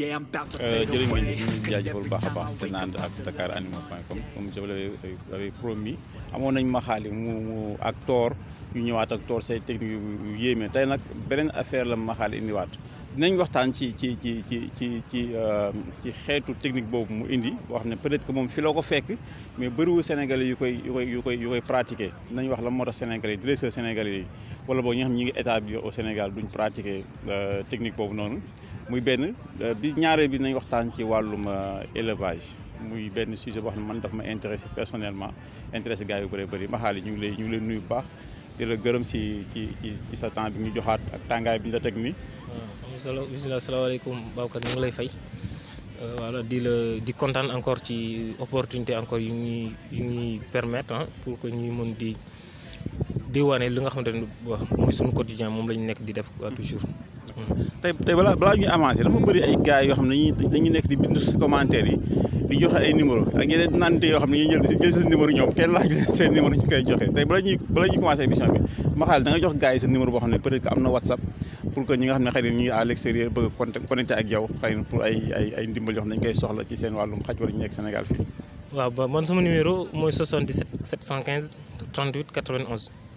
Euh, jërë ngeen ñu ngi jaajëfal bu baax a baax seen ànd ak Dakar Animaux point com euh, amoon nañ ma xaali mu mu ak toor yu ñëwaat ak toor say technique yu yéeme tey nag beneen affaire la ma xaali indiwaat nañ waxtaan ci ci ci ci ci ci euh, ci xeetu technique boobu mu indi boo xam ne peut-être que moom fi loo ko fekk mais bëriwu Sénégalais yu koy yu koy yu koy yu koy pratiquer dinañ wax la moo tax Sénégalais yi dresseur Sénégalais yi wala boo ñi nga xam ñi ngi état bi au Sénégal duñ pratiquer technique boobu noonu muy benn euh, bi ñaaree bi nañ waxtaan ci wàllum euh, élevage muy benn sujet boo xam ne man daf ma intéressé personnellement intéressé gars yu bëri bëri maxaali ñu ngi lay ñu ngi lay nuyu bu baax di la gërëm si ci ci sa temps bi ñu joxaat ak tàngaay bi ñu la teg nii. waaw ah, bisimilah salaamaaleykum Babacar ñu ngi lay fay euh, voilà di la di kontaan encore ci opportunité encore yu ñuy yu ñuy permettre hein, pour que ñuy mën di. di wane li nga xamante ne mooy nekk di def toujours. tey tey balaa balaa ñuy avancer dafa nekk di bind commentaire yi di joxe ay numéro ak yeneen nante yoo xam ne ñuy jël jël seen numéro ñoom kenn laaj seen numéro ñu koy joxe tey bala ñuy bala ñuy commencer émission bi ma xaal da nga jox gars yi seen boo xam ne peut que am nga xam ne xëy ñu ngi à l'extérieur bëgg a connecté ak yow xëy pour ay ndimbal yoo xam ne soxla ci seen wàllum xaj wala ñu nekk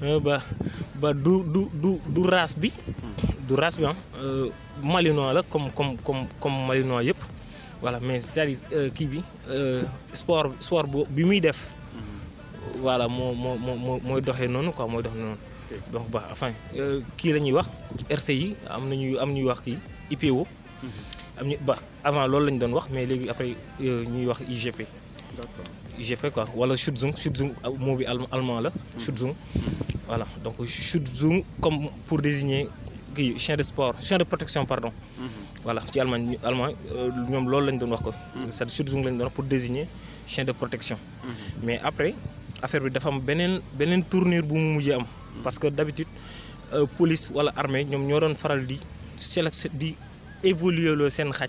ba euh, ba bah, du du du du race bi. Hmm. du race bi hein. euh, malinois la comme comme comme comme malinois yep voilà mais c'est-à-dire euh, kii bi sport sport boobu bi muy def. Hmm. voilà mo mo mo moy doxee nonou quoi mooy doxee noonu. donc ba enfin qui la ñuy wax RCI am nañu am ñuy wax ki IPO. Hmm. am ñu ba avant loolu lañ ñu doon wax mais légui après ñuy wax IGP. d'accord IGP quoi wala Schutzung Schutzung mo bi allemand la. Schutzung voilà donc chute comme pour désigner chien de sport chien de protection pardon. Mhm. voilà en allemand allemand euh, ñoom loolu lañ doon wax ko. Mhm. cest à pour désigner chien de protection. Mhm. mais après affaire bi dafa ben beneen beneen tournure bu mu am. parce que d'habitude euh, police wala armée ñoom ñoo doon faral di di évoluer le seen xaj.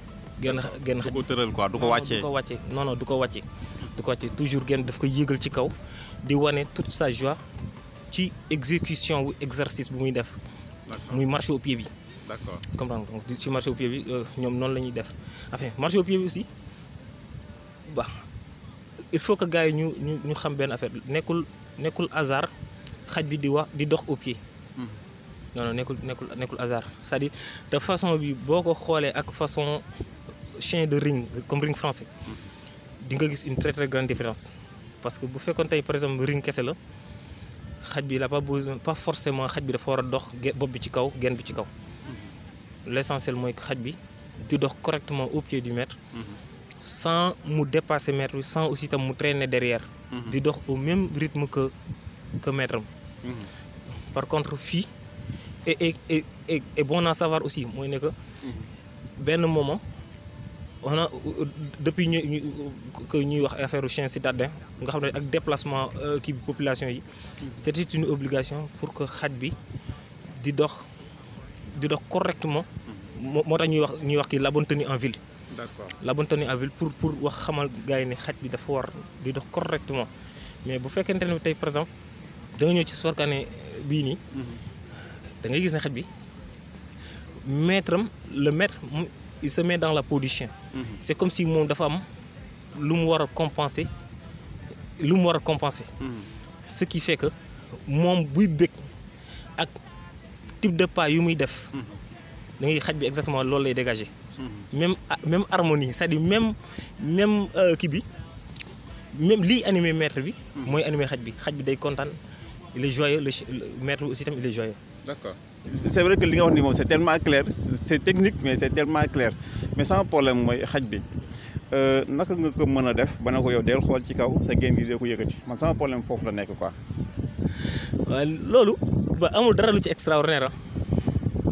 genn genn du ko quoi du ko du ko non non du ko wàccee du ko toujours genn daf ko yegël ci kaw di wane toute sa joie ci exécution ou exercice bu muy def. muy marcher au pied bi. d'accord comprendre donc ci marcher au pied bi euh, ñom non lañuy def enfin marcher au pied bi aussi ba il faut que gars ñu ñu ñu xam ben affaire nekul nekul hasard xaj bi di wax di dox au pied. Hmm. non non nekul nekul nekul hasard c'est-à-dire te façon bi boko xolé ak façon chien de ring comme ring français di une très très grande différence parce que si vous faites par exemple ring kese la xaj il pas besoin pas forcément xaj il faut war Bob dox bopp bi ci kaw genn bi ci kaw correctement au pied du maître sans mu dépasser maître sans aussi tam mu traîner derrière di dox au même rythme que que maître par contre fi et et et et bon à savoir aussi que, ne que ben moment on a euh, euh, depuis ñu que ñuy wax affaireu chien citadin nga xamné ak déplacement euh, kii population yi c'était une obligation pour que xaj bi di dox di dox correctement motax ñuy wax ñuy wax ki la bonne tenue en ville d'accord la bonne tenue en ville pour pour wax xamal gaay ni ne bi dafa war di dox correctement mais bu fekkente ne tey par exemple da nga ñëw ci Sorkane bi ni mhm. da ngay gis ne maître le maître il se met dans la peau du chien. Mhm. c'est comme si mon dafa am lu mu war compenser lu mu compenser. Mhm. ce qui fait que mon buy bëgg ak type de pas yu def. Mhm. da ngay xaj exactement loolu lay dégager. même même harmonie c'est-à-dire même même euh, kii bi même li animé maître bi. mooy animé xaj bi xaj bi day content, il est joyeux le maître aussi tamit il est joyeux. d'accord c'est vrai que li nga wax ni moom c'est tellement clair c'est technique mais c'est tellement clair mais sans problème mooy xaj bi euh, naka nga ko mën a def ba ne ko yow del xool ci kaw sa génn gi dee ko yëkkati man sans problème foofu la nekk quoi. waaw loolu ba amul dara lu ci extraordinaire ah.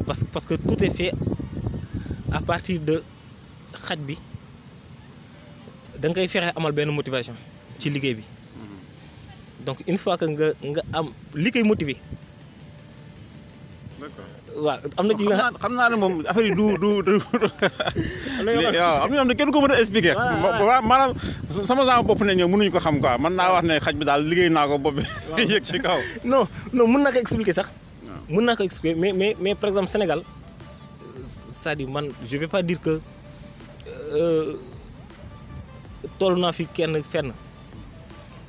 parce que parce que tout est fait à partir de xaj bi da ngay fexe amal benn motivation ci liggéey bi mm-hmm. donc une fois que nga nga am li motivé waaw am na ci yoo xam xam naa ne moom affaire yi du du du. waaw am na yoo xam ne kenn ko mën a expliquer. waaw maanaam sama sama bopp ne ñoom mënuñu ko xam quoi mën naa wax ne xaj bi daal liggéey naa ko bopp bi yëg ci kaw. non non mën naa ko expliquer sax. mën naa ko expliquer mais mais mais par exemple Sénégal c'est-à-dire man je vais pas dire que toll naa fi kenn fenn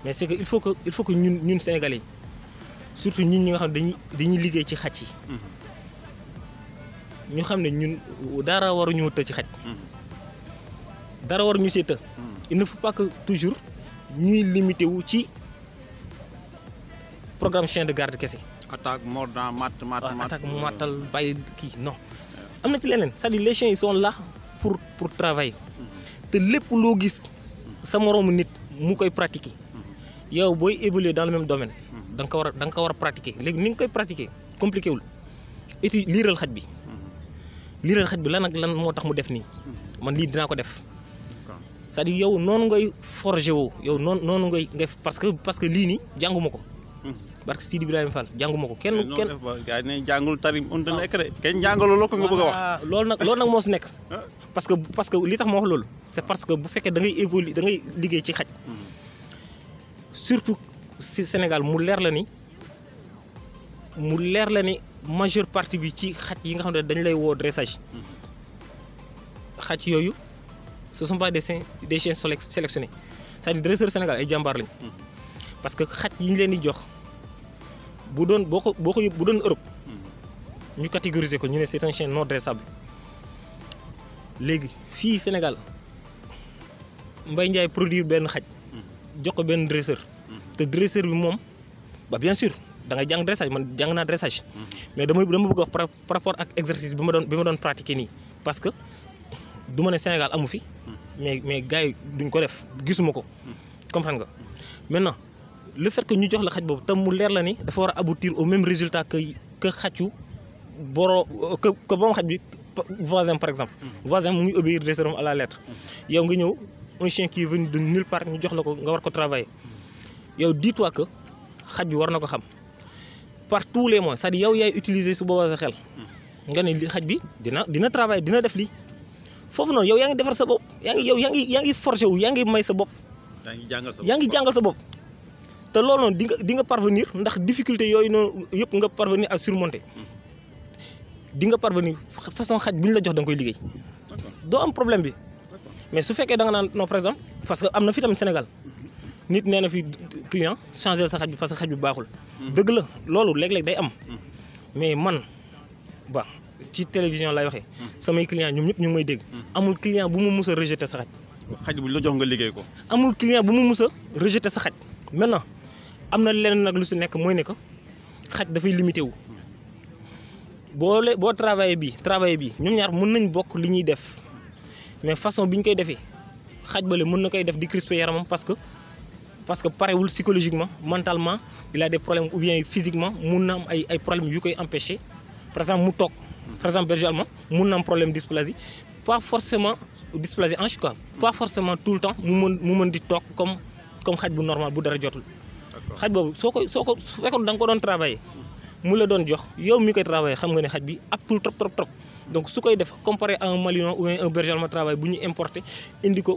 mais c'est que il faut que il faut que ñun ñun Sénégalais yi. surtout ñun ñi nga xam dañuy dañuy liggéey ci xaj yi. ñu xam ne ñun dara waruñoo të ci dara waruñu see të. il ne faut pas que toujours ñuy limité wu ci programme chien de garde kese. attaque mordant mat mat mat. attaque euh, matal bay kii non. Euh. am na ci leneen c'est-à-dire les chiens ils sont là pour pour travailler. Mm-hmm. te lépp loo gis sa moroomu nit mu koy pratiquer. Mm-hmm. yow booy évoluer dans le même domaine. da nga ko war da nga ko war pratiquer léegi ni nga koy pratiquer compliqué wul et liral xaj bi mhm. liral xaj bi lan ak lan moo tax mu def nii mhm. man lii dinaa ko def c'est-à-dire yow noonu ngay forger woo yow noonu noonu ngay ngay parce que parce que lii nii jànguma ko mhm. barke Sidi Ibrahima Fall jànguma ko kenn kenn gars ne jàngul tarim on dana ah. écré de kenn jàngaloo loo ko nga bëgg a wax ah, loolu nag loolu nag moo si nekk ah. parce que parce que li tax ma wax loolu c'est parce que bu fekkee da ngay évoluer da ngay liggéey ci xaj surtout si Sénégal mu leer la ni mu leer la ni majeure partie bi ci xat yi nga xam ne dañu lay woo dressage xat yooyu ce sont pas des chiens des chiens sélectionnés c'est-à-dire dresseur Sénégal ay jàmbaar lañ parce que xat yi ñu leen di jox bu doon boo ko boo ko bu doon Europe ñu catégoriser ko ñu ne c'est un chien non dressable léegi fii Sénégal mbay Ndiaye produire benn xaj jox ko benn dresseur te dresseur bi mom ba bien sûr da ngay jang dressage man jang na dressage. mais dama dama bëgg par rapport ak exercice bima don bima don pratiquer ni parce que duma né Sénégal amu fi. mais mais gars yi duñ ko def gisuma ko. comprendre nga maintenant le fait que ñu jox la xaj bobu tam mu leer la ni dafa war aboutir au même résultat que que xaju boro que que boom xaj bi voisin par exemple. voisin mu ngi obéir dresseuram à la lettre. yow nga ñëw un chien qui est venu de nulle part ñu jox la ko nga war ko travailler yow dis-toi que xadju war nako xam par tous les moyens c'est-à-dire yow yay utiliser su boobaa sa xel nga ni xadju bi dina dina travailler dina def li fofu non yow yaa ngi defar sa bopp yaa ngi yow yaa ngi yaa ngi forger wu yaa may sa bopp. yaa ngi jàngal sa bopp yaa ngi jàngal sa bopp. te loolu non di nga di nga parvenir ndax difficulté yoy noonu yëpp nga parvenir à surmonter di nga parvenir façon xaj buñ la jox dang nga koy liggéey. do am problème bi. mais su fekkee da nga naan non par exemple parce que am na fi tamit Sénégal nit nee fi client changer sa xat bi parce que xat bi baxul deug la lolou leg leg day am. mais man ba ci télévision lay waxee. sama client ñom ñep ñu ngi may dégg. amul client bu mu mus rejeter sa xat xat bu la jox nga liggéey ko. amul client bu mu mus rejeter sa xat maintenant amna na nak lu si nek moy ne ko xat da fay limité wu. bo le boo travaillé bi travailler bi ñom ñaar mën nañ bok li ñuy def mais façon biñ ñu koy defee xaj bale mën na koy def di crisper yaramam parce que parce que parewul psychologiquement mentalement il a des problèmes ou bien physiquement mon na am ay ay problèmes yu koy empêcher par exemple mu par exemple berger allemand mun na am problème dysplasie pas forcément dysplasie hanche quoi pas forcément tout le temps mu mën mu mën di toog comme comme xaj normal bu dara jotul xaj boobu soo ko soo ko su fekkoon da nga ko doon travailler mu la doon jox yow mi koy travailler xam nga ne xaj bi aptul trop trop donc su koy def comparé à un malinois ou un berger allemand travail bu ñu importé Indique.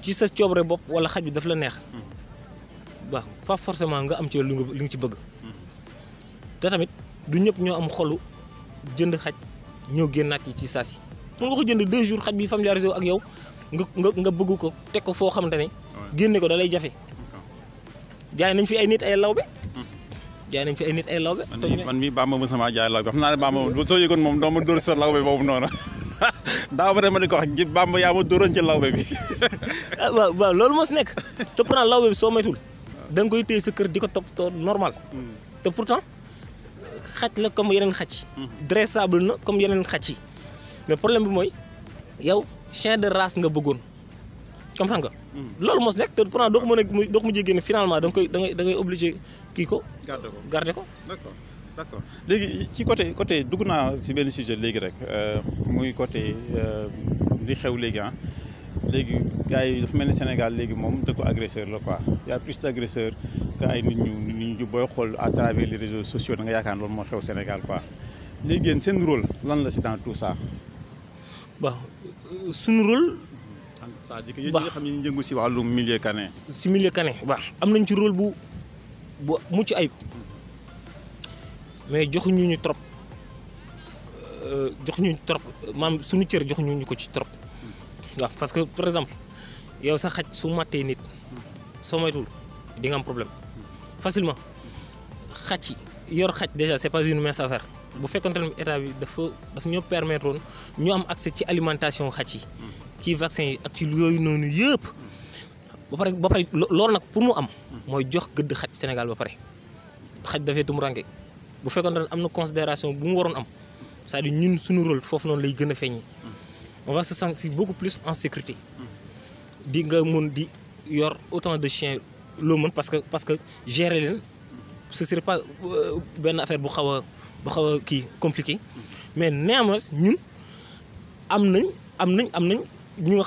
ci sa coobare bopp wala xaj bi daf la neex. Hmm. waaw pas forcément nga am ci lu nga ci bëgg. te tamit du ñëpp ñoo am xolu jënd xaj ñoo génnaat ci ci saasi. mën nga ko jënd deux jours xaj bi familiarisé wu ak yow nga nga bëgg ko teg ko foo xamante ne. génne ko dalay jafe. jaay nañ fi ay nit ay lawbe. Hmm. jaay nañ fi ay nit ay lawbe. man mii man mii sama jaay lawbe xam naa ne Bamba soo yëgoon moom doo ma dóor sa lawbe boobu noonu. daa ma ne ma di ko wax ji bàmb yaa ma dóoroon ci lawbe bi. ah waaw loolu moo si nekk te pourtant lawbe bi soo moytul da nga koy téye sa kër di ko toppatoo normal. Mm. te pourtant xaj la comme yeneen xaj. Mm. dressable na comme yeneen xaj yi mais problème bi mooy yow chien de race nga bëggoon comprendre nga. Mm. loolu mos nekk te pourtant doo ko mën a doo ko mujjee génne finalement da nga koy da ngay da ngay obligé kii ko. garder ko d'accord léegi ci côté côté dugg naa si benn sujet léegi rek euh, muy côté euh, li xew léegi ah léegi gars yi dafa mel ni Sénégal léegi moom dëkku agresseur la quoi y a plus d' agresseur que ay nit ñu nit ñu booy xool à travers les réseaux sociaux da nga yaakaar loolu moo xew Sénégal quoi léegi yéen seen rôle lan la si dans tout ça. bon suñu rôle. c'est-à-dire que yéen xam ne ñu si wàllu milieu canin. si milieu canin waaw am nañ ci rôle bu bu mucc ay mais joxuñu ñu trop joxuñu trop mam suñu cër joxuñu ñu ko ci trop waaw parce que par exemple yow sa xaj su maté nit so maytul di nga am problème facilement xaj yor xaj déjà c'est pas une mince affaire bu fekkonte ne état bi dafa daf ñoo permettre ñu am accès ci alimentation xaj ci vaccin ak ci yooyu nonu yépp ba paré ba paré lool nak pour mu am moy jox gëdd xaj Sénégal ba paré xaj dafee tum ranke bu on a am considération c'est-à-dire rôle on va se sentir beaucoup plus en sécurité di nga mun autant de chiens le monde parce que parce que gérer ce serait pas une euh, affaire bu compliqué mais néanmoins ñun am nous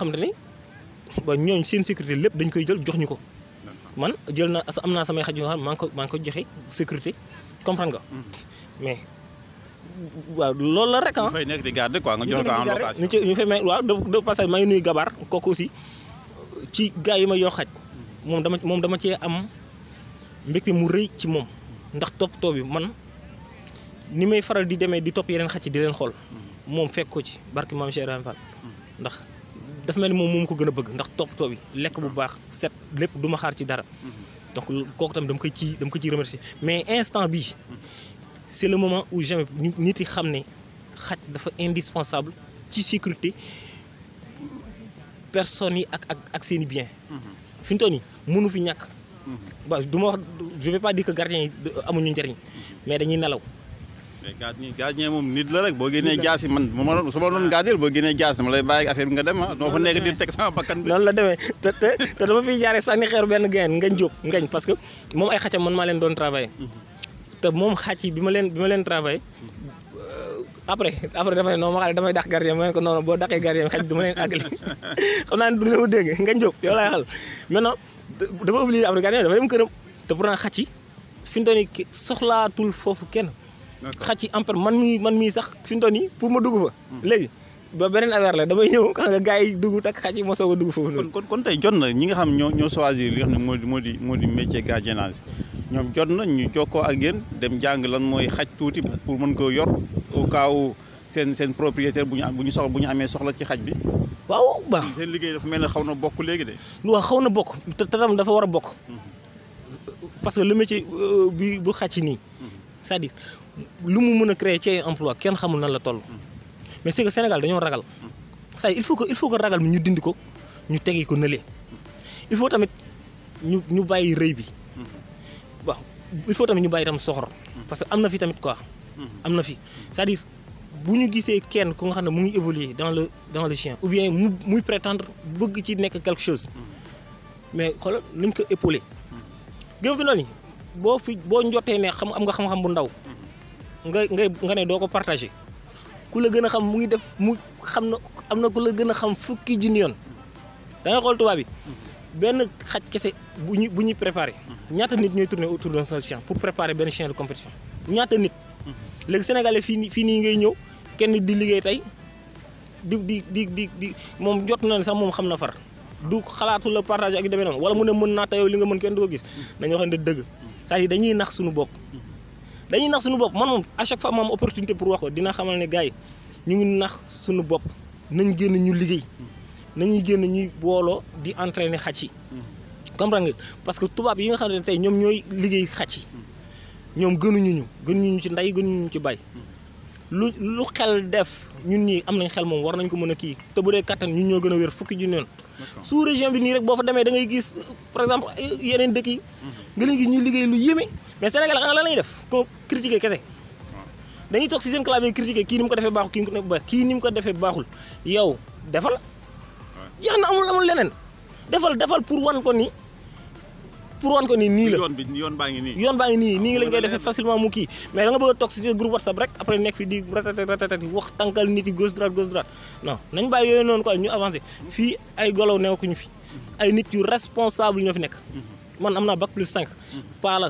nga sécurité dañ koy jël man sécurité comprendre nga. Mhm. mais waaw loolu la rek ah. ñu fay nekk di garder quoi nga jox ko en location. ñu fay waaw de passage maa ngi nuyu Gabar kooku aussi ci gars yi ma yoo xaj mhm. moom dama moom dama cee am mbégte mu rëy ci moom mhm. ndax toppatoo bi man ni may faral di demee di topp yeneen xaj di leen xool moom fekk ko ci barki maam Cheikh Ibrahima ndax dafa mel ni moom moom ko gën a bëgg ndax toppatoo bi lekk bu baax set lépp duma xaar ci dara. donc kooku tamit dama koy ci dama ko ciy remercier mais instant bi c'est le moment où jamais nit yi xam ne xaj dafa indispensable ci sécurité personne yi ak ak ak seen i bien mhm. fi mu toll nii mënu fi ñàkk mhm. ba du ma wax je vais pas dire que gardien yi amuñu njëriñ mhm. mais dañuy nelaw mais gardien mom moom nit la rek boo génnee jaasi man ma ma su ma doon gardien boo génnee jaasi ma lay bàyyi affaire nga dem ah fa nekk di teg sama bakkan bi noonu la demee te te te dama fiy jaaree sànni xeeru benn gain ngañ jóob ngañ parce que moom ay xàccam man maa leen doon travail mhm. te moom xàcc bi ma leen bi ma leen travail mhm. après après dafa ne non ma xale damay dàq gardien ma ne ko non boo dàqee gardien xaj du ma leen àggali xam naa ne du ma dégg ngañ jóob yow laay xal maintenant dafa obligé après gardien dafa dem këram te pourtant xàcc fi mu soxlaatul foofu kenn xaj yi ampar man mi man mi sax fi ndoni pour ma dugg fa. Hmm. léegi ba benen affaire la damay ñew xam nga gars yi dugg tak xaj yi ma soog dugg foofu kon kon kon tey jot na ñi nga xam ño ño choisir li xam modi modi modi métier gardiennage ñom jot na ñu joko ak yéen dem jang lan moy xaj touti pour mën ko yor au cas où sen seen propriétaire buñu buñu sox buñu amé soxla ci xaj bi. waaw ba sen liggéey dafa melni xawna xaw na de. lu wax xawna bokk ta tam dafa wara a hmm. parce que le métier euh, bi bu xaj ni hmm. c'est-à-dire lu mu mën a créer ci ay emploi kenn xamul nan la toll mm. mais c'est que Sénégal dañoo ragal mm. ça il faut que il faut que ragal bi ñu dindi ko ñu tegi ko nële il faut tamit ñu ñu bàyyi rëy bi mm. waaw il faut tamit ñu bàyyi tam soxor parce que am na fi tamit quoi am na fi c'est-à-dire bu ñu gisee kenn ku nga xam ne mu ngi évoluer dans le dans le chien ou bien mu muy prétendre bëgg ci nekk quelque chose mais xoolal nañ ko épauler gëm fi noonu boo fi boo njotee ne xam am nga xam-xam bu ndaw nga ngay nga ne doo ko partagé ku la gën a xam mu ngi def mu xam na am na ku la gën a xam fukki junni yoon da nga xool tubaab bi benn xaj kese bu ñu bu ñuy préparé ñaata nit ñooy tourner autour d'un seul chien pour préparer benn chien ñaata nit léegi sénégalais fii fii nii ngay ñëw kenn di liggéey tey di di di di di moom jot na sax moom xam na far du xalaatul la partage ak deme demee noonu wala mu ne mën naa tayoo li nga mën kenn du ko gis nañoo xam ne dëgg cest à dañuy nax suñu bopp dañuy à chaque fois ma am opportunité pour wax ko dina xamal ne gars yi ñu ngi nax suñu bopp nañ génn ñu liggéey nañuy di entraîner yi. comprendre parce que tubaab yi nga xam ne tey ñoom liggéey yi ñoom gënuñu ci ci bay. lu lu xel def ñun ñii am nañ xel région bi par exemple yeneen yi. Mhm. nga mais sénégal xam nga lan lañuy def ko critiquer kese dañuy toog si seen clavier critiquer kii ni mu ko defee baaxul kii ni mu ko defee baax kii ni mu ko defee baaxul yow defal jeex na amul amul leneen defal defal pour wan ko ni pour wan ah, ko ni nii la yoon bi yoon baa ngi nii yoon baa ngi nii nii lañ koy defee facilement mu kii mais da nga bëgg a toog si groupe whatsapp rek après nekk nah, fi di ratati ratati wax tànkal nit yi gauche droite gauche droite non nañ bàyyi yooyu noonu quoi ñu avancé fii ay golow neew ñu fi ay hmm. nit yu responsable ñoo fi nekk hmm. man am bac plus 5 paa la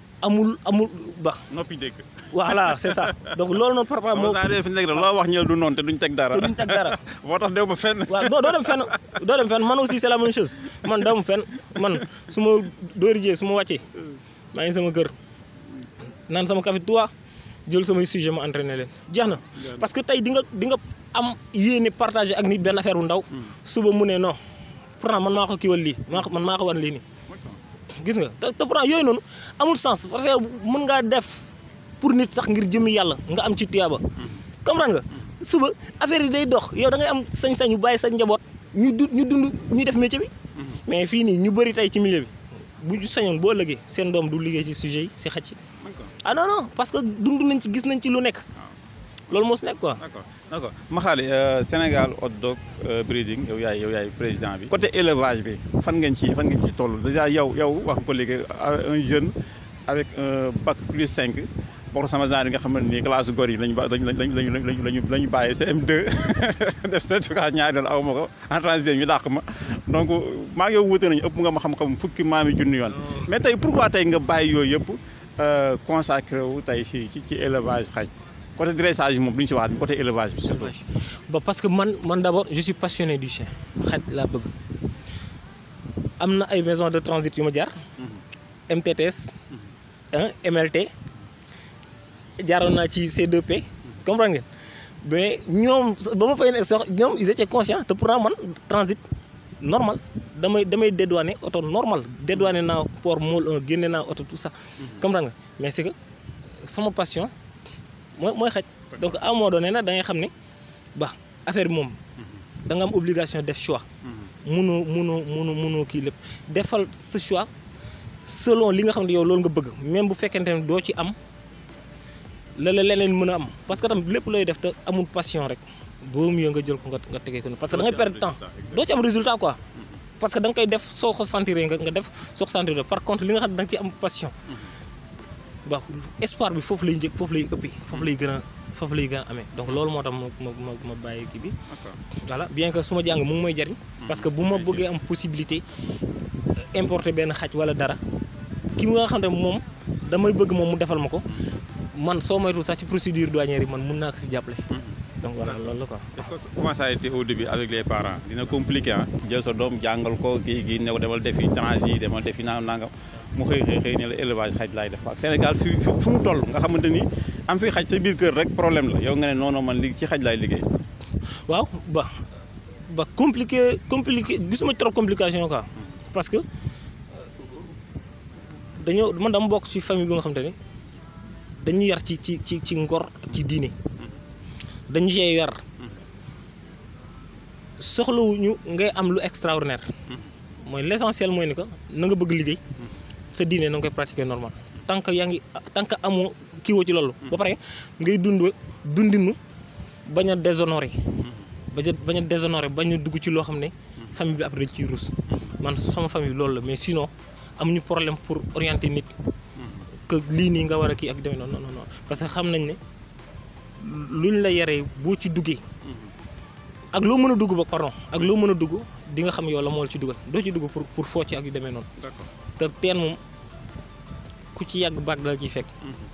amul amul bax noppi dégg. voilà c' est ça donc loolu noonu par rapport moo. saa fi nekk loo wax ñu du noonu te duñ teg dara. duñ teg dara. moo tax dew ma fenn. waaw doo doo dem fenn doo dem fenn man aussi c' est la chose man dew ma fenn man su ma dóorijee su ma wàccee maa ngi sama kër naan sama café tuwa jël samay sujet ma entraîné leen jeex na. parce que tey di nga di nga am yéene partagé ak nit benn affaire bu ndaw. Hmm. suba mu ne non pourtant man maa ko kiiwal lii maa ko man maa ko wan lii nii. gis nga te pourtant yooyu noonu amul sens parce que mën ngaa def pour nit sax ngir jëmi yàlla nga am ci tuyaaba. comprendre nga suba affaire yi day dox yow da ngay am sañ-sañu sañ bàyyi sañ njaboot ñu du ñu dund ñu def métier bi. Mhm. mais fii nii ñu bëri tey ci milieu bi bu ñu sañoon boo lëggee seen doom du liggéey ci sujet yi si xaj. ah non parce que dund nañ ci gis nañ ci lu nekk. Ah. loolu moo si nekk quoi. d' accord d' accord Makhali euh, Sénégal hot dog euh, breeding yow yaay yow yaay président bi. côté élevage bi fan ngeen ci fan ngeen ci toll dèjà yow yow wax nga ko léegi un jeune avec un bac plus 5 bokk sama genre yi nga xamante ni classe gor yi lañu ba lañu lañu lañu lañu lañu bàyyi CM2 def certificat ñaari doon aw ma ko en transition ñu dàq ma donc maa ngi yow wuute nañu ëpp nga ma xam-xam fukki maami junni yoon mais tey pourquoi tey nga bàyyi yooyu yëpp euh, consacré wu tey si ci ci élevage xaj. côté dressage bi moom du ñu si waxaat côté élevage bi surtout. ba parce que man man d' abord je suis passionné du chien xet laa bëgg am na ay maison de transit yu ma jaar. MTTS. Mhm. MLT. Mhm. Hein, jaaroon naa ci C2P. Mhm. comprendre ngeen mais ñoom ba ma fay nekk sax ñoom ils étaient conscients te pourtant man transit normal damay damay dédouané oto normal dédouané naa port Moule 1 génne naa oto tout ça. comprendre nga mais c' est que euh, sama passion mooy donc à un moment donné nag da ngay xam ba affaire mom moom da nga am obligation def choix mono, mono, mono, munoo kii lépp defal ce choix selon li nga xam ne yow loolu nga bëgg même bu fekkente ne doo ci am la le leneen mën am parce que tam lépp looy def te amul passion rek boum y nga jël ko nga tegee ko parce que da ngay perdre temps doo ci am résultat quoi parce que da nga koy def soo ko sentiree nga def soo ko par contre li nga qui da ci am passion ba espoir bi foofu lay njëkk foofu lay ëppee foofu lay gën a foofu lay gën a amee donc loolu moo tax ma ma ma bàyyi kii bi. voilà bien que su ma mu may jariñ. Hmm, parce que am possibilité euh, importer xaj wala dara ki nga xam mom, moom damay bëgg moom mu defal ma man so moytuwul sax ci procédure douanière man mun naa ko si jàppale. Hmm. donc voilà loolu la quoi. parce que commencé a été au début avec les parents dina compliqué ah. jël sa ko gi gi ne demal defi transit demal defi nangam. mu xëy xëy xëy ne la élevage xaj laay def ak Sénégal fi fu mu toll nga xamante ni am fi xaj sa biir kër rek problème la yow nga ne non non man li ci xaj laay liggéey. waaw ba ba compliqué compliqué gisuma trop complication quoi parce que dañoo man dama bokk ci famille bi nga xamante ne dañu yar ci ci ci ci ngor ci diine dañu see yar soxlawuñu ngay am lu extraordinaire mooy l'essentiel mooy ni que na nga bëgg liggéey. sa diine nang koy pratiquer normal tant yangi yaa amu tant que amoo kiiwoo ci lolu ba pare ngay dund dundinu baña déshonoré. baña a déshonoré bañ dugg ci lo xamné famille bi après ci rouss man sama famille lolu la mais sinon amuñu problème pour orienter nit. ke li ni nga wara ki ak demee noonu non non parce que xamnañ né luñ la yéré bo ci duggé ak lo mëna dugg ba pardon ak lo mëna dugg di nga xam yow la ci duggal do ci dugg pour pour ak yu démé non d'accord te teen moom ku ci yàgg baag dala ciy fekk.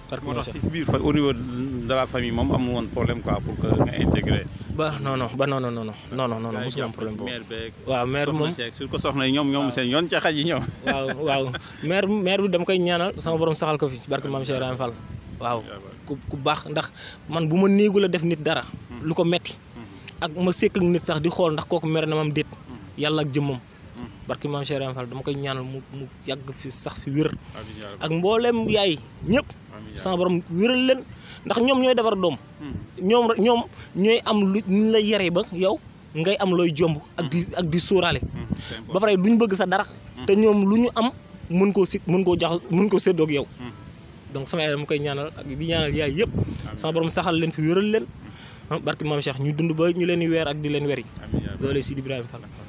par mhm. moo tax ci biir fa au niveau de la famille moom amul woon problème quoi pour que nga intégré. ba non non ba non non non non non non non mosul am problème boobu. waaw maire moom su ko soxna ñoom ñoom seen yoon ca xaj yi ñoom. waaw waaw maire maire bi dama koy ñaanal sama borom saxal ko fi barke maam iya, Cheikh Ibrahima Fall. waaw iya, ku ku baax ndax man bu ma néegu la def nit dara. Mhm. lu ko metti mhm. ak ma sekk ak nit sax di xool ndax kooku mer na mam déet. yàlla ak jëmmam. barki maam Cheikh Fall dama koy ñaanal mu yàgg fi sax fi wér ak mboolem yaay ñëpp sama borom wéral leen ndax ñoom ñooy defar doom hmm. ñoom ñoom ñooy am lu ñu la ba yow ngay am looy jomb ak di hmm. ak di sóoraale hmm. ba bëgg sa dara te ñoom lu ñu am mën koo si mën koo jax mën koo séddoog yow donc sama yaay dama koy ñaanal ak di ñaanal yaay yëpp sama borom saxal leen fi wéral leen ah, barki maam Cheikh ñu dund ba ñu leen di weer ak di leen weri loolu Sidi Ibrahima Fall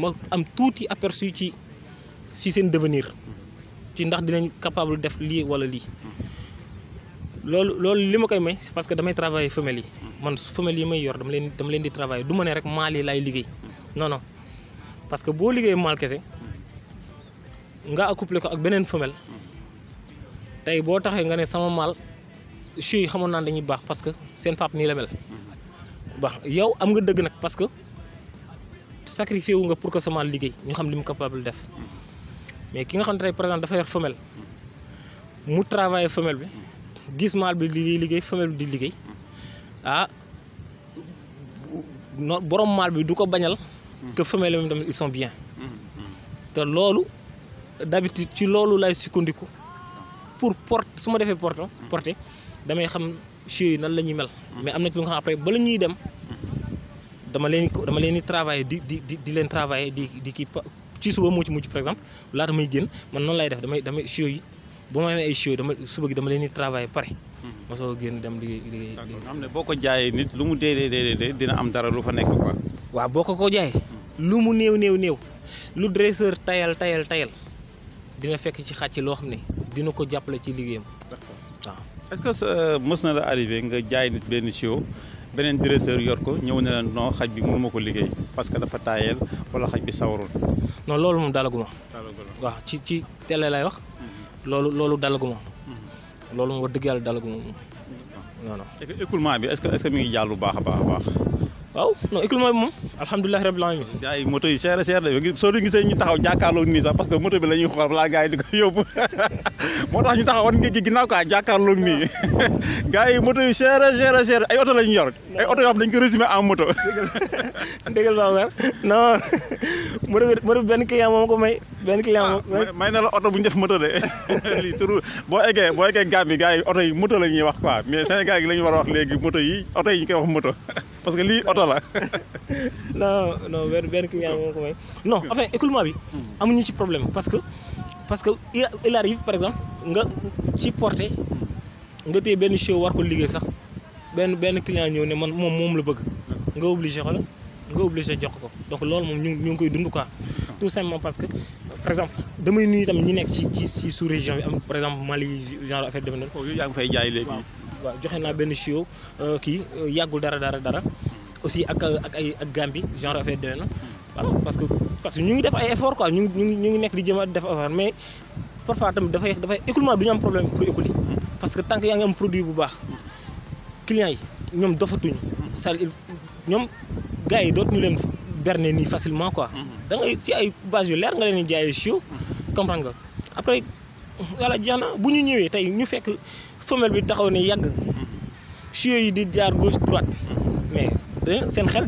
tout am tuuti aperçu ci si devenir ci ndax dinañ capable def lii wala lii loolu loolu koy parce que damay travailler femelle yi man Je yi may yor dama leen dama leen di travailler du ne rek mal non non parce que boo liggéey mal kese nga accouplé ko ak beneen femelle tey boo taxee nga ne sama mal dañuy parce que c'est pap nii la mel yow am nga dëgg nag parce que sacrifié wu nga pour que sama liggéey ñu xam li mu capable def mais ki nga xam tay présent dafa yor femelle mu travaille femelle bi gis mal bi li liggéey femelle bi di ah borom mal bi du ko bañal. que femelle yi ils sont bien. te lolu d'habitude ci lolu lay sikundiku pour porte suma défé porte porté damay xam chez yi nan lañuy mel. mais amna ci nga xam après ba lañuy dem. dama leen dama leen di travailler di di di di leen travailler di di ki ci suba moo ci mujj par exemple laata may génn man non lay def dama dama show yi bu ma ay show dama suba gi dama leen di travailler pare. Hmm. ma so genn dem di di amne boko jaay nit lu mu de de de dina am dara lu fa nek quoi. wa boko ko jaay lu mu new new new lu dresseur tayal tayal tayal dina fekk ci xàcc lo xamne dina ko jappale ci liggéeyam. d'accord waaw. est-ce que mës na la arriver nga jaay nit ben show. beneen dresseur yor ko ñëw ne la non xaj bi mënuma ko liggéey parce que dafa taayeel wala xaj bi sawarul. non loolu moom dalaguma. dalaguma waaw ci ci télé lay wax. Mhm. loolu loolu dalaguma. Mhm. loolu moom wax dëgg yàlla dalaguma. Mhm. non non écoulement bi est ce que est ce que mi ngi jàll baax a baax a baax. waaw non écoulement bi moom alhamdulilah rabbil alamin gars yi moto yi cher cher de soo di gisee ñu taxaw jàkkaarloo nii sax parce que moto bi la xool balaa gars yi di ko moo tax ñu taxaw war nga ji ginnaaw quoi jàkkaarloo nii gars moto yu cher cher cher ay oto la ñu ay oto yoo xam ko résumé en moto ba non moto bi benn client moom ko may benn client ah, na la oto bu ñu def moto boo eggee boo eggee Gambie gars yi oto yi moto la ñuy wax quoi mais Sénégal gi la ñu war a wax moto yi oto yi ñu wax moto parce que lii oto la. non non benn benn client moo bi. Hmm. amuñu ci problème parce que parce que il arrive par exemple nga ci porté hmm. nga téye benn show war liggéey sax benn benn client ñëw ne man moom moom la bëgg nga obligé xoolal nga obligé jox ko donc loolu moom ñu ngi koy dund quoi tout simplement parce que. par exemple damay nuyu tam ñi ci ci région par exemple Mali genre affaire fay jaay euh, euh, dara dara dara. aussi ak ak ay Gambie genre parce que parce que ñu ngi def effort quoi ñu mais parfois écoulement problème pour écouler. parce que tant que am produit bu clients yi ñom dofatuñu berner ni facilement quoi. Mhm. da ci ay mhm. nga après si nous na fait que, ñu fekk femelle bi taxaw mhm. yi di gauche droite. mais sen xel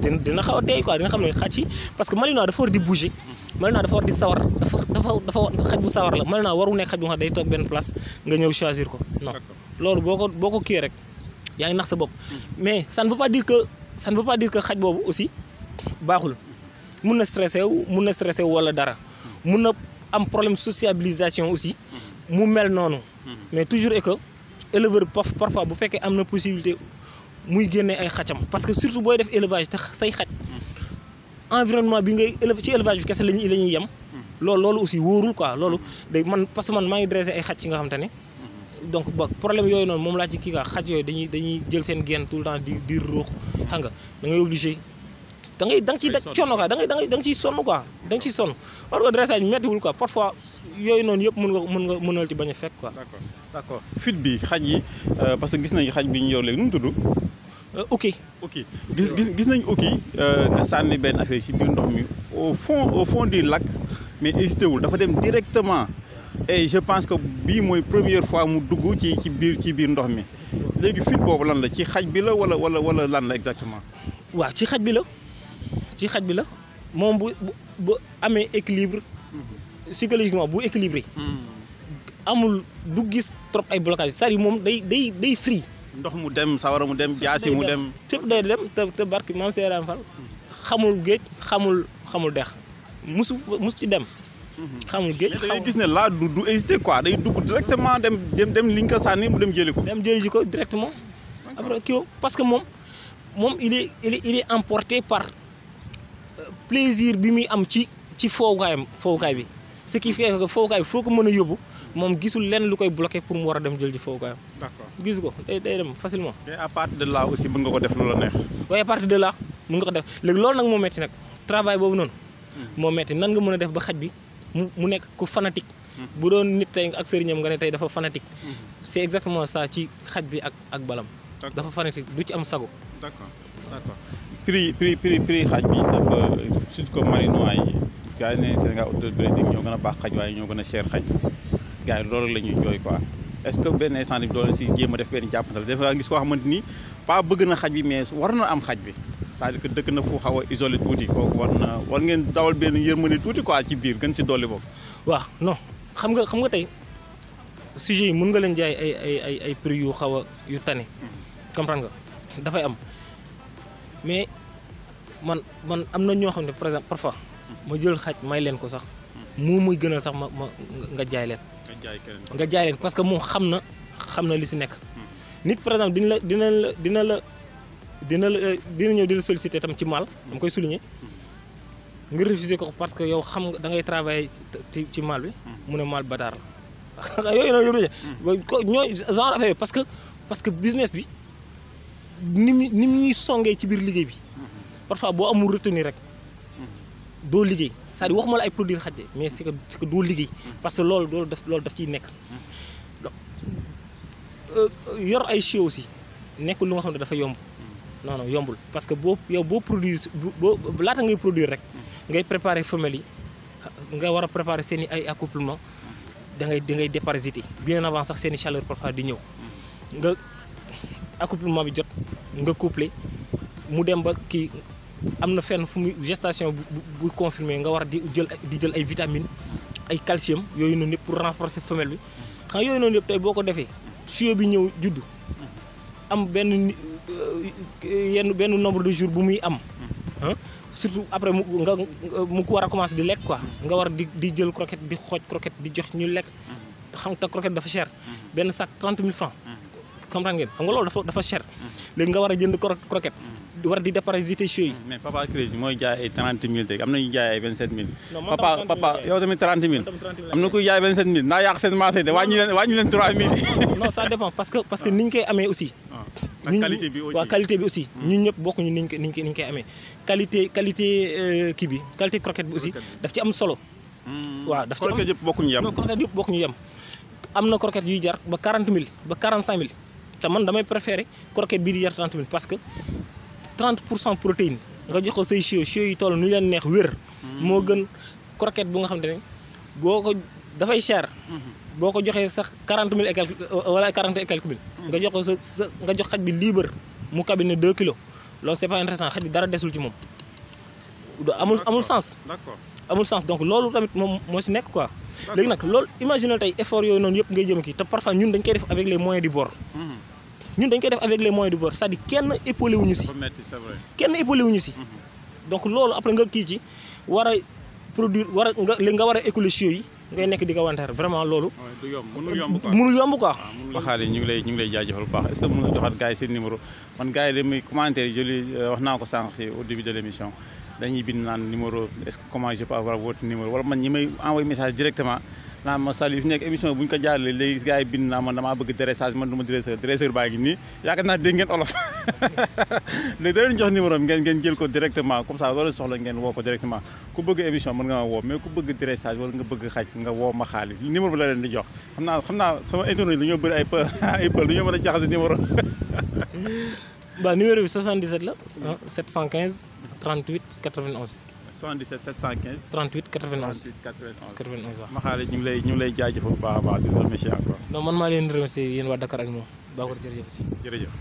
dina a quoi dina parce que di bouger. war di sawar dafa dafa xaj bu sawar la waru xaj bu day place nga ñëw choisir non. mais ça ne veut pas dire que ça ne veut pas dire que xaj aussi baaxul mun na stressé wu mun na stressé wu wala dara mun na am problème sociabilisation aussi mu mel noonu mais toujours et que éleveur parfois bu fekkee am na possibilité muy génne ay xacam parce que surtout booy def élevage te say xaj environnement bi ngay éleve ci élevage bi kese la ñuy la yem loolu loolu aussi wóorul quoi loolu day man parce que man maa ngi dressé ay xaj ci nga xam te ne donc ba problème yooyu noonu moom laa ci kii quoi xaj yooyu dañuy dañuy jël seen genn tout le temps di di ruux xam nga da ngay obligé da danga ci nga ciy coono quoi da ngay da ngay da nga ciy sonn quoi da nga ciy sonn parce que dressage méttiwul quoi parfois yooyu noonu yëpp mën nga mën nga mënal ci bañ a fekk quoi. d'accord d'accord fit bi xaj yi euh, parce que gis nañu xaj bi ñu yor léegi nu mu tudd. Euh, gis gis gis nañu ok euh, nga sànni benn affaire ci biir ndox mi au fond au fond di lac mais hésité wul dafa dem directement et je pense que bii mooy première fois mu dugg ci ci biir ci biir ndox mi léegi fit boobu lan la ci xaj bi la wala wala wala lan la exactement. waa ci xaj bi la. ci xaj la équilibre mhm. psychologiquement équilibré mhm. amul trop ay blocage day day day free ndox mu dem sawara mu dem mu dem te mhm. xamul xamul xamul musu mus ci dem xamul du du quoi directement dem dem dem dem dem directement parce que il est il il est emporté par plaisir bi muy am ci ci fowukaayam fowukaay bi ce qui fait que bi foo ko mën a yóbbu moom gisul lenn lu koy bloqué pour mu war a dem jël ji fowukaayam. d'accord gis ko day dem facilement. de là aussi mën nga ko def lu la neex. waaye à partir de là mën nga ko def léegi loolu nag moo metti nag travail boobu noonu. Hmm. moo metti nan nga mën a def ba xaj bi mu mu nekk ku fanatique. Hmm. bu doon nit tey ak sëriñam nga ne tey dafa fanatique. Hmm. c'est exactement ça ci xaj bi ak ak balam. dafa fanatique du ci am sago. d'accord d'accord. pris prix prix prix xaj bi dafa surtout comme marinois yi gars yi ne Sénégal autobréding ñoo gën a baax xaj waaye ñoo gën a cher xaj gars yi loolu la ñuy jooy quoi est-ce que benn instant bi doon si jéem def benn jàppandal dafa gis koo xamante ni pas bëgg na xaj bi mais war na am xaj bi c'est-à-dire que dëkk na fu xaw a isolé tuuti kooku war na war ngeen dawal benn yërmande tuuti quoi ci biir gën si dolli boobu. waaw non xam nga xam nga tey sujet yi mën nga leen jaay ay ay ay ay prix yu xaw a yu tane hmm. comprendre nga dafay am. mais man man am na ñoo xam ne par exemple parfois. ma jël xaj may leen ko sax. moo muy gënal sax ma ma nga jaay leen. nga jaay nga jaay leen parce que moom xam na xam na li si nekk. nit par exemple dina la dina la dina la dina la dina ñëw di la solliciter tam ci mal. dama koy souligner. nga refuser ko parce que yow xam nga da ngay travailler ci ci mal bi. mu ne mal bataar la. yooyu noonu yooyu hmm. genre affaire parce que parce que business bi. ni mu ni ñuy songee ci biir liggéey bi parfois boo amul retoni rek doo liggéey c'est-à-dire waxuma la ay produit xaj mais c'est que c'est que doo liggéey parce que loolu loolu daf loolu daf ciy nekk euh, yor ay show aussi nekk lu nga xam ne dafa yomb non non yombul parce que boo yow boo produire boo laata ngay produire rek ngay préparer femelle yi nga war a préparer seen i ay accouplement da ngay da ngay déparasiter bien avant sax seen i chaleur parfois di ñëw accouplement bi jot nga coupler mu dem ba ki amna fenn fu gestation bu bu confirmé nga war di jël di jël ay vitamines ay calcium yooyu noonu pour renforcer femelle bi xam yooyu noonu yëpp tey boo ko defee bi ñew judd am ben yenn ben nombre de jours bu muy am hein surtout après mu nga mu ko war a commencer di lek quoi nga war di di jël croquette di xoj croquette di jox ñu lek xam te croquette dafa cher ben sac trente francs mmh. comprendre ngeen xam nga loolu dafa dafa cher. léegi nga war a jënd croquette. war di déparé jité mais papa crise moy jaay ay 30000 dég amna ñu jaay ay 27000 papa papa yow tamit 30.000, amna ku jaay 27000 na naa sen marché de wañu len wañu len 3000 non ça dépend parce que parce que niñ koy amé aussi. waaw ah. qualité bi aussi waaw qualité bi aussi. Hmm. ñun ñëpp bokkuñu ñu niñ ko niñ koy amé qualité qualité euh, ki bi qualité croquette bi aussi daf ci am solo. Hmm. wa daf ci am croquette yëpp bokku ñu yam croquette yëpp bokkuñu yem. am na croquette yu jar ba 40000 ba 45000 te man damay préféré croquette bii di jar 30 mille parce que 30 pour protéine nga jox ko say chio chio yi toll nu leen neex wér. moo gën croquette bu nga xam te ne boo ko dafay cher. boo ko joxee sax 40 mille et quelque euh, wala 40 et quelque mille. nga jox ko sa sa nga jox xaj bi libre mu cabine 2 kilos loolu c'est pas intéressant xaj bi dara desul ci moom. amul amul sens. d'accord amul sens donc loolu tamit moom moo si nekk quoi. léegi nag loolu imagine tey effort yooyu noonu yëpp ngay jëm kii te parfois ñun dañ koy def avec les moyens du bord. Mhm. ñun dañ koy def avec les moyens du bord c'est-à-dire kenn épaulé wuñu si kenn épaulé wuñu mhm. donc loolu après nga kii ci war a produire war a nga li nga war a écologie yi ngay nekk di ko wanteer vraiment loolu du yomb mënul yomb quoi mënul yomb quoi ah, waxaale ñu ngi lay ñu ngi lay jaajëfal bu baax est-ce que mën nga joxaat gars seen numéro man gars yi damuy commentaire euh, wax naa ko sànq si au de l'émission dañuy bind naan numéro est-ce que comment je peux avoir votre numéro wala man ñi may envoyé message directement naa ma salu yu nekk émission bu ñu ko jaarale léegi gars yi bind naa man damaa bëgg dressage man du dresseur dresseur baa ngi nii yaakaar naa dégg ngeen olof léegi da leen jox numéro jël ko directement comme ça wala nga ma mais ku bëgg dressage wala nga bëgg xaj nga woo ma xaalis numéro bi la leen di jox xam naa xam naa sama internet yi dañoo bëri ay pël ay pël dañoo mën a jaxase numéro waaw numéro bi la 77 715. 38 Maxaale ñu lay ñu lay jaajëfal bu baax baax di la remercier man maa leen remercier yéen waa Dakar ak moom. baaxul jërëjëf jërëjëf.